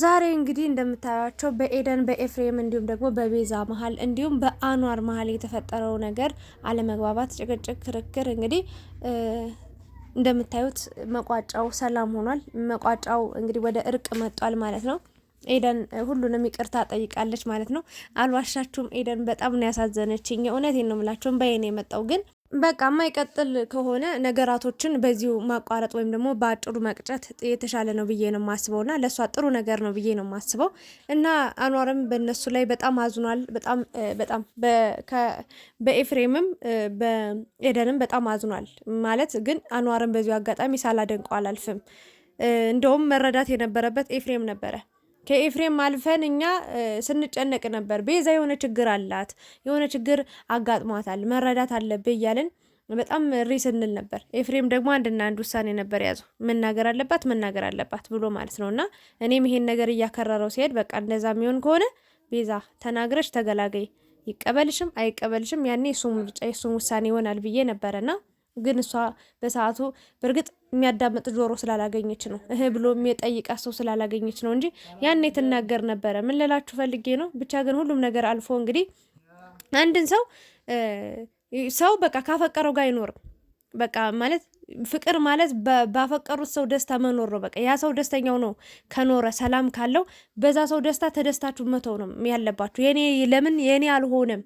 ዛሬ እንግዲህ እንደምታያቸው በኤደን በኤፍሬም እንዲሁም ደግሞ በቤዛ መሀል እንዲሁም በአኗር መሀል የተፈጠረው ነገር አለመግባባት፣ ጭቅጭቅ፣ ክርክር እንግዲህ እንደምታዩት መቋጫው ሰላም ሆኗል። መቋጫው እንግዲህ ወደ እርቅ መጧል ማለት ነው። ኤደን ሁሉንም ይቅርታ ጠይቃለች ማለት ነው። አልዋሻችሁም፣ ኤደን በጣም ነው ያሳዘነችኝ። እውነቴን ነው የምላቸውን በየኔ የመጣው ግን በቃ የማይቀጥል ከሆነ ነገራቶችን በዚሁ ማቋረጥ ወይም ደግሞ በአጭሩ መቅጨት የተሻለ ነው ብዬ ነው የማስበው እና ለእሷ ጥሩ ነገር ነው ብዬ ነው የማስበው እና አኗርም በእነሱ ላይ በጣም አዝኗል። በጣም በጣም በኤፍሬምም በኤደንም በጣም አዝኗል ማለት ግን አኗርም በዚሁ አጋጣሚ ሳላደንቀው አላልፍም። እንደውም መረዳት የነበረበት ኤፍሬም ነበረ። ከኤፍሬም አልፈን እኛ ስንጨነቅ ነበር። ቤዛ የሆነ ችግር አላት፣ የሆነ ችግር አጋጥሟታል፣ መረዳት አለብህ እያልን በጣም እሪ ስንል ነበር። ኤፍሬም ደግሞ አንድና አንድ ውሳኔ ነበር ያዘው፣ መናገር አለባት መናገር አለባት ብሎ ማለት ነው። እና እኔም ይሄን ነገር እያከረረው ሲሄድ በቃ እንደዛ የሚሆን ከሆነ ቤዛ ተናግረች ተገላገይ፣ ይቀበልሽም አይቀበልሽም ያኔ እሱ ምርጫ የሱ ውሳኔ ይሆናል ብዬ ነበረና ግን እሷ በሰዓቱ በእርግጥ የሚያዳምጥ ጆሮ ስላላገኘች ነው። እህ ብሎ የሚጠይቃ ሰው ስላላገኘች ነው እንጂ ያን የትናገር ነበረ። ምን ልላችሁ ፈልጌ ነው ብቻ ግን ሁሉም ነገር አልፎ እንግዲህ አንድን ሰው ሰው በቃ ካፈቀረው ጋር አይኖርም። በቃ ማለት ፍቅር ማለት ባፈቀሩት ሰው ደስታ መኖር ነው። በቃ ያ ሰው ደስተኛው ነው ከኖረ ሰላም ካለው በዛ ሰው ደስታ ተደስታችሁ መተው ነው ያለባችሁ። የኔ ለምን የኔ አልሆነም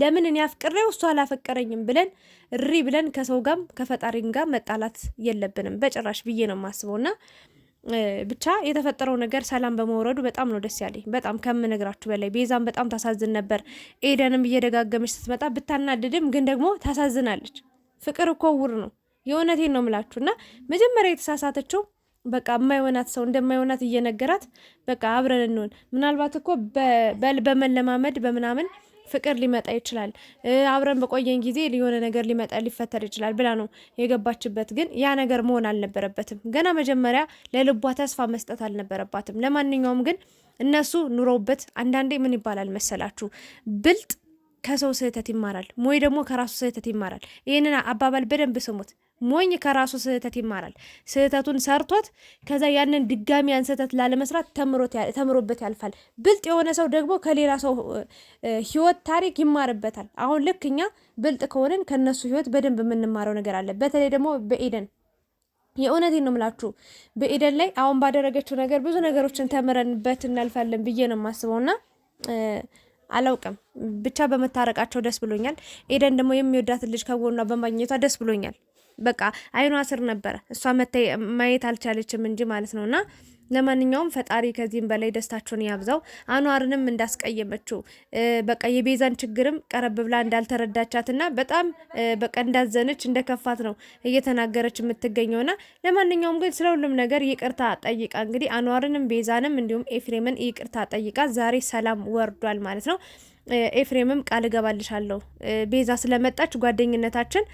ለምን እኔ አፍቅሬው እሱ አላፈቀረኝም ብለን እሪ ብለን ከሰው ጋም ከፈጣሪም ጋር መጣላት የለብንም በጭራሽ ብዬ ነው የማስበው። እና ብቻ የተፈጠረው ነገር ሰላም በመውረዱ በጣም ነው ደስ ያለኝ፣ በጣም ከምነግራችሁ በላይ። ቤዛም በጣም ታሳዝን ነበር። ኤደንም እየደጋገመች ስትመጣ ብታናድድም ግን ደግሞ ታሳዝናለች። ፍቅር እኮ ውር ነው። የእውነቴን ነው ምላችሁ። እና መጀመሪያ የተሳሳተችው በቃ የማይሆናት ሰው እንደማይሆናት እየነገራት በቃ አብረን እንሆን ምናልባት እኮ በመለማመድ በምናምን ፍቅር ሊመጣ ይችላል፣ አብረን በቆየን ጊዜ የሆነ ነገር ሊመጣ ሊፈጠር ይችላል ብላ ነው የገባችበት። ግን ያ ነገር መሆን አልነበረበትም። ገና መጀመሪያ ለልቧ ተስፋ መስጠት አልነበረባትም። ለማንኛውም ግን እነሱ ኑረውበት አንዳንዴ ምን ይባላል መሰላችሁ ብልጥ ከሰው ስህተት ይማራል፣ ሞይ ደግሞ ከራሱ ስህተት ይማራል። ይህንን አባባል በደንብ ስሙት። ሞኝ ከራሱ ስህተት ይማራል። ስህተቱን ሰርቶት ከዛ ያንን ድጋሚ ያን ስህተት ላለመስራት ተምሮበት ያልፋል። ብልጥ የሆነ ሰው ደግሞ ከሌላ ሰው ህይወት ታሪክ ይማርበታል። አሁን ልክ እኛ ብልጥ ከሆንን ከነሱ ህይወት በደንብ የምንማረው ነገር አለ። በተለይ ደግሞ በኤደን የእውነት ነው ምላችሁ በኤደን ላይ አሁን ባደረገችው ነገር ብዙ ነገሮችን ተምረንበት እናልፋለን ብዬ ነው የማስበውና አላውቅም ብቻ በመታረቃቸው ደስ ብሎኛል። ኤደን ደግሞ የሚወዳትን ልጅ ከጎኗ በማግኘቷ ደስ ብሎኛል። በቃ አይኗ ስር ነበረ። እሷ ማየት አልቻለችም እንጂ ማለት ነውና ለማንኛውም ፈጣሪ ከዚህም በላይ ደስታቸውን ያብዛው። አኗርንም እንዳስቀየመችው በቃ የቤዛን ችግርም ቀረብ ብላ እንዳልተረዳቻትና በጣም በቃ እንዳዘነች እንደከፋት ነው እየተናገረች የምትገኘውና ለማንኛውም ግን ስለ ሁሉም ነገር ይቅርታ ጠይቃ እንግዲህ አኗርንም ቤዛንም እንዲሁም ኤፍሬምን ይቅርታ ጠይቃ ዛሬ ሰላም ወርዷል ማለት ነው። ኤፍሬምም ቃል እገባልሻለሁ ቤዛ ስለመጣች ጓደኝነታችን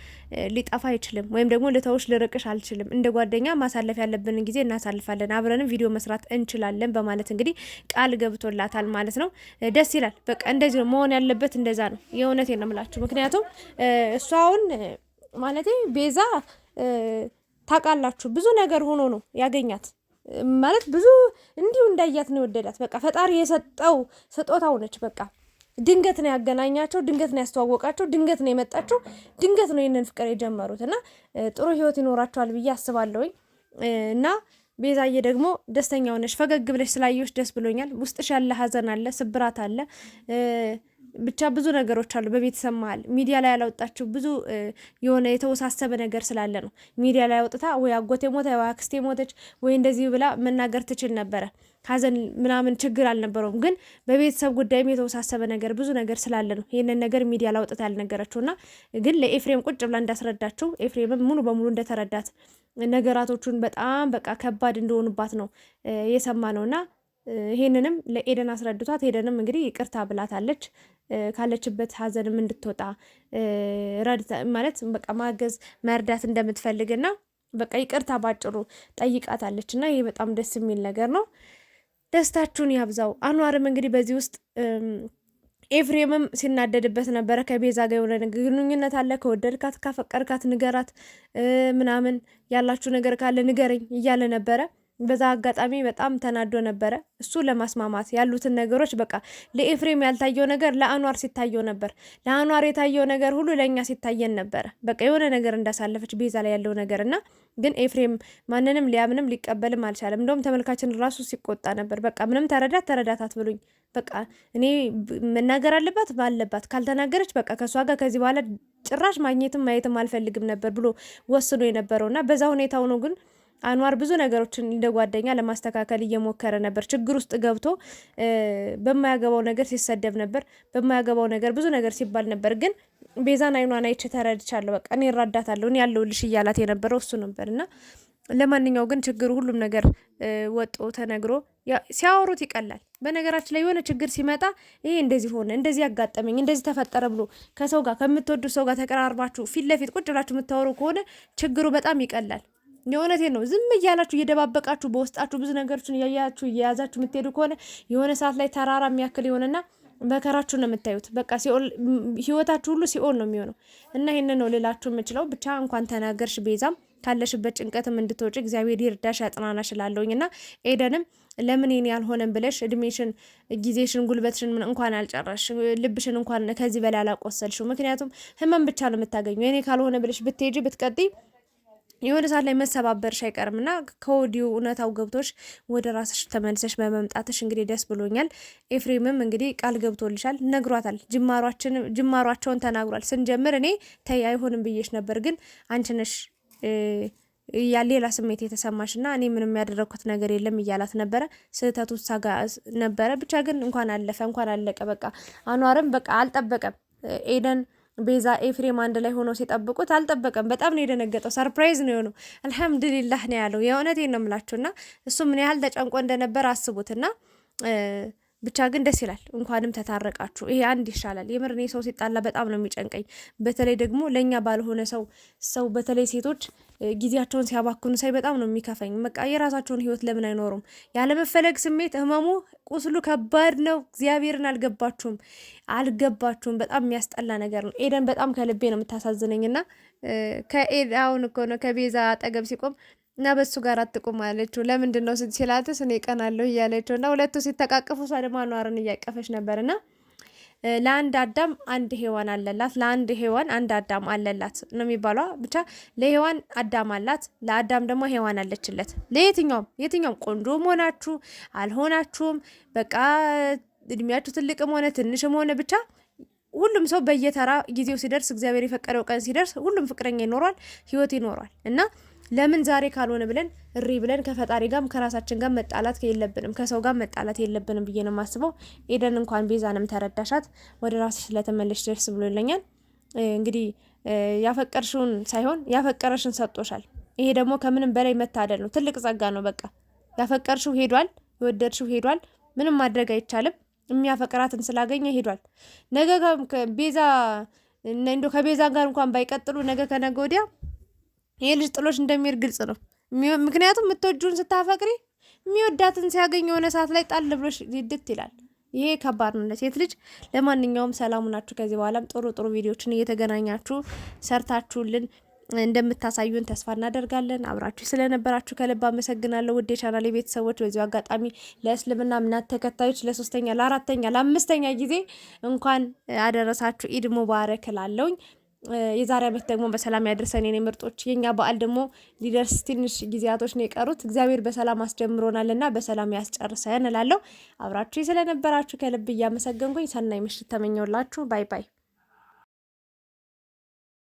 ሊጠፋ አይችልም፣ ወይም ደግሞ ልተውሽ ልርቅሽ አልችልም። እንደ ጓደኛ ማሳለፍ ያለብንን ጊዜ እናሳልፋለን፣ አብረንም ቪዲዮ መስራት እንችላለን በማለት እንግዲህ ቃል ገብቶላታል ማለት ነው። ደስ ይላል። በቃ እንደዚህ ነው መሆን ያለበት፣ እንደዛ ነው። የእውነቴ ነው የምላችሁ። ምክንያቱም እሷ አሁን ቤዛ ታውቃላችሁ፣ ብዙ ነገር ሆኖ ነው ያገኛት ማለት ብዙ እንዲሁ እንዳያት ነው የወደዳት። በቃ ፈጣሪ የሰጠው ስጦታው ነች በቃ ድንገት ነው ያገናኛቸው፣ ድንገት ነው ያስተዋወቃቸው፣ ድንገት ነው የመጣቸው፣ ድንገት ነው ይህንን ፍቅር የጀመሩት እና ጥሩ ህይወት ይኖራቸዋል ብዬ አስባለሁኝ እና ቤዛዬ ደግሞ ደስተኛ ሆነሽ ፈገግ ብለሽ ስላየሁሽ ደስ ብሎኛል። ውስጥሽ ያለ ሀዘን አለ፣ ስብራት አለ ብቻ ብዙ ነገሮች አሉ። በቤተሰብ መሀል ሚዲያ ላይ ያላወጣቸው ብዙ የሆነ የተወሳሰበ ነገር ስላለ ነው። ሚዲያ ላይ አውጥታ ወይ አጎቴ ሞተ፣ ወይ አክስቴ ሞተች፣ ወይ እንደዚህ ብላ መናገር ትችል ነበረ። ሀዘን ምናምን ችግር አልነበረውም። ግን በቤተሰብ ጉዳይም የተወሳሰበ ነገር ብዙ ነገር ስላለ ነው ይህንን ነገር ሚዲያ ላውጥታ ያልነገረችው እና ግን ለኤፍሬም ቁጭ ብላ እንዳስረዳችው ኤፍሬምም ሙሉ በሙሉ እንደተረዳት ነገራቶቹን በጣም በቃ ከባድ እንደሆኑባት ነው የሰማ ነውና ይሄንንም ለኤደን አስረድቷት ኤደንም እንግዲህ ይቅርታ ብላታለች። ካለችበት ሀዘንም እንድትወጣ ማለት በቃ ማገዝ መርዳት እንደምትፈልግና በቃ ይቅርታ ባጭሩ ጠይቃታለች እና ይሄ በጣም ደስ የሚል ነገር ነው። ደስታችሁን ያብዛው። አኗርም እንግዲህ በዚህ ውስጥ ኤፍሬምም ሲናደድበት ነበረ። ከቤዛ ጋር የሆነ ግንኙነት አለ፣ ከወደድካት ካፈቀርካት ንገራት፣ ምናምን ያላችሁ ነገር ካለ ንገረኝ እያለ ነበረ። በዛ አጋጣሚ በጣም ተናዶ ነበረ። እሱ ለማስማማት ያሉትን ነገሮች በቃ ለኤፍሬም ያልታየው ነገር ለአኗር ሲታየው ነበር። ለአኗር የታየው ነገር ሁሉ ለእኛ ሲታየን ነበረ። በቃ የሆነ ነገር እንዳሳለፈች ቤዛ ላይ ያለው ነገር እና ግን ኤፍሬም ማንንም ሊያምንም ሊቀበልም አልቻለም። እንደውም ተመልካችን ራሱ ሲቆጣ ነበር። በቃ ምንም ተረዳት ተረዳት አትብሉኝ። በቃ እኔ መናገር አለባት ባለባት ካልተናገረች በቃ ከእሷ ጋር ከዚህ በኋላ ጭራሽ ማግኘትም ማየትም አልፈልግም ነበር ብሎ ወስኖ የነበረው እና በዛ ሁኔታው ነው ግን አንዋር ብዙ ነገሮችን እንደ ጓደኛ ለማስተካከል እየሞከረ ነበር። ችግር ውስጥ ገብቶ በማያገባው ነገር ሲሰደብ ነበር፣ በማያገባው ነገር ብዙ ነገር ሲባል ነበር። ግን ቤዛን አይኗን አይቼ ተረድቻለሁ። በቃ እኔ እራዳታለሁ፣ እኔ ያለሁልሽ እያላት የነበረው እሱ ነበር እና ለማንኛው ግን ችግሩ ሁሉም ነገር ወጦ ተነግሮ ሲያወሩት ይቀላል። በነገራችን ላይ የሆነ ችግር ሲመጣ ይሄ እንደዚህ ሆነ፣ እንደዚህ ያጋጠመኝ፣ እንደዚህ ተፈጠረ ብሎ ከሰው ጋር ከምትወዱ ሰው ጋር ተቀራርባችሁ ፊት ለፊት ቁጭ ብላችሁ የምታወሩ ከሆነ ችግሩ በጣም ይቀላል። የእውነቴን ነው። ዝም እያላችሁ እየደባበቃችሁ በውስጣችሁ ብዙ ነገሮችን እያያችሁ እየያዛችሁ የምትሄዱ ከሆነ የሆነ ሰዓት ላይ ተራራ የሚያክል የሆነና መከራችሁ ነው የምታዩት። በቃ ሲኦል ህይወታችሁ ሁሉ ሲኦል ነው የሚሆነው እና ይህን ነው ልላችሁ የምችለው። ብቻ እንኳን ተናገርሽ ቤዛም ካለሽበት ጭንቀትም እንድትወጪ እግዚአብሔር ይርዳሽ ያጽናናሽ እላለሁኝ እና ኤደንም ለምን ኔን ያልሆነም ብለሽ እድሜሽን፣ ጊዜሽን፣ ጉልበትሽን እንኳን አልጨረሽ ልብሽን እንኳን ከዚህ በላይ አላቆሰልሽው። ምክንያቱም ህመም ብቻ ነው የምታገኙ። የኔ ካልሆነ ብለሽ ብትሄጂ ብትቀጥይ የሆነ ሰዓት ላይ መሰባበርሽ አይቀርም እና ከወዲሁ እውነታው ገብቶች ወደ ራስሽ ተመልሰሽ በመምጣትሽ እንግዲህ ደስ ብሎኛል። ኤፍሬምም እንግዲህ ቃል ገብቶልሻል፣ ነግሯታል፣ ጅማሯቸውን ተናግሯል። ስንጀምር እኔ ተይ አይሆንም ብዬሽ ነበር፣ ግን አንቺ ነሽ ሌላ ስሜት የተሰማሽ እና እኔ ምንም ያደረግኩት ነገር የለም እያላት ነበረ። ስህተቱ ሳጋ ነበረ። ብቻ ግን እንኳን አለፈ እንኳን አለቀ። በቃ አኗርም በቃ አልጠበቀም ኤደን ቤዛ ኤፍሬም አንድ ላይ ሆኖ ሲጠብቁት አልጠበቀም። በጣም ነው የደነገጠው። ሰርፕራይዝ ነው የሆነው። አልሐምዱሊላህ ነው ያለው። የእውነት ነው ምላችሁና እሱ ምን ያህል ተጨንቆ እንደነበር አስቡትና ብቻ ግን ደስ ይላል። እንኳንም ተታረቃችሁ። ይሄ አንድ ይሻላል። የምር እኔ ሰው ሲጣላ በጣም ነው የሚጨንቀኝ። በተለይ ደግሞ ለእኛ ባልሆነ ሰው ሰው በተለይ ሴቶች ጊዜያቸውን ሲያባክኑ ሳይ በጣም ነው የሚከፈኝ በቃ የራሳቸውን ህይወት ለምን አይኖሩም? ያለመፈለግ ስሜት ህመሙ፣ ቁስሉ ከባድ ነው። እግዚአብሔርን አልገባችሁም፣ አልገባችሁም። በጣም የሚያስጠላ ነገር ነው። ኤደን በጣም ከልቤ ነው የምታሳዝነኝ እና ከኤድ እኮ ነው ከቤዛ አጠገብ ሲቆም እና በሱ ጋር አትቁም አለችው። ለምንድን ነው ሲላትስ እኔ ቀናለሁ እያለችው እና ሁለቱ ሲተቃቅፉ እሷ ደግሞ አኗርን እያቀፈች ነበር እና ለአንድ አዳም አንድ ሔዋን አለላት፣ ለአንድ ሔዋን አንድ አዳም አለላት ነው የሚባለው። ብቻ ለሔዋን አዳም አላት፣ ለአዳም ደግሞ ሔዋን አለችለት። ለየትኛውም የትኛውም ቆንጆም ሆናችሁ አልሆናችሁም፣ በቃ እድሜያችሁ ትልቅም ሆነ ትንሽም ሆነ ብቻ ሁሉም ሰው በየተራ ጊዜው ሲደርስ፣ እግዚአብሔር የፈቀደው ቀን ሲደርስ ሁሉም ፍቅረኛ ይኖሯል፣ ህይወት ይኖሯል እና ለምን ዛሬ ካልሆነ ብለን እሪ ብለን ከፈጣሪ ጋር ከራሳችን ጋር መጣላት የለብንም፣ ከሰው ጋር መጣላት የለብንም ብዬ ነው የማስበው። ኤደን እንኳን ቤዛንም ተረዳሻት፣ ወደ ራስሽ ስለተመለሽ ደርስ ብሎ ይለኛል። እንግዲህ ያፈቀርሽውን ሳይሆን ያፈቀረሽን ሰጦሻል ይሄ ደግሞ ከምንም በላይ መታደል ነው፣ ትልቅ ጸጋ ነው። በቃ ያፈቀርሽው ሄዷል፣ የወደድሽው ሄዷል። ምንም ማድረግ አይቻልም። የሚያፈቅራትን ስላገኘ ሄዷል። ነገ ቤዛ እንዶ ከቤዛ ጋር እንኳን ባይቀጥሉ ነገ ከነገ ወዲያ ይሄ ልጅ ጥሎች እንደሚሄድ ግልጽ ነው። ምክንያቱም የምትወጂውን ስታፈቅሪ የሚወዳትን ሲያገኝ የሆነ ሰዓት ላይ ጣል ብሎሽ ይድት ይላል። ይሄ ከባድ ነው ለሴት ልጅ። ለማንኛውም ሰላሙ ናችሁ። ከዚህ በኋላም ጥሩ ጥሩ ቪዲዮችን እየተገናኛችሁ ሰርታችሁልን እንደምታሳዩን ተስፋ እናደርጋለን። አብራችሁ ስለነበራችሁ ከልብ አመሰግናለሁ። ውድ የቻናል ቤተሰቦች፣ በዚሁ አጋጣሚ ለእስልምና እምነት ተከታዮች ለሶስተኛ፣ ለአራተኛ፣ ለአምስተኛ ጊዜ እንኳን አደረሳችሁ ኢድ ሙባረክ እላለሁኝ። የዛሬ ዓመት ደግሞ በሰላም ያደርሰን የኔ ምርጦች። የኛ በዓል ደግሞ ሊደርስ ትንሽ ጊዜያቶች ነው የቀሩት። እግዚአብሔር በሰላም አስጀምሮናል እና በሰላም ያስጨርሰን እላለሁ። አብራችሁ ስለነበራችሁ ከልብ እያመሰገንኩኝ ሰናይ ምሽት ተመኘውላችሁ። ባይ ባይ።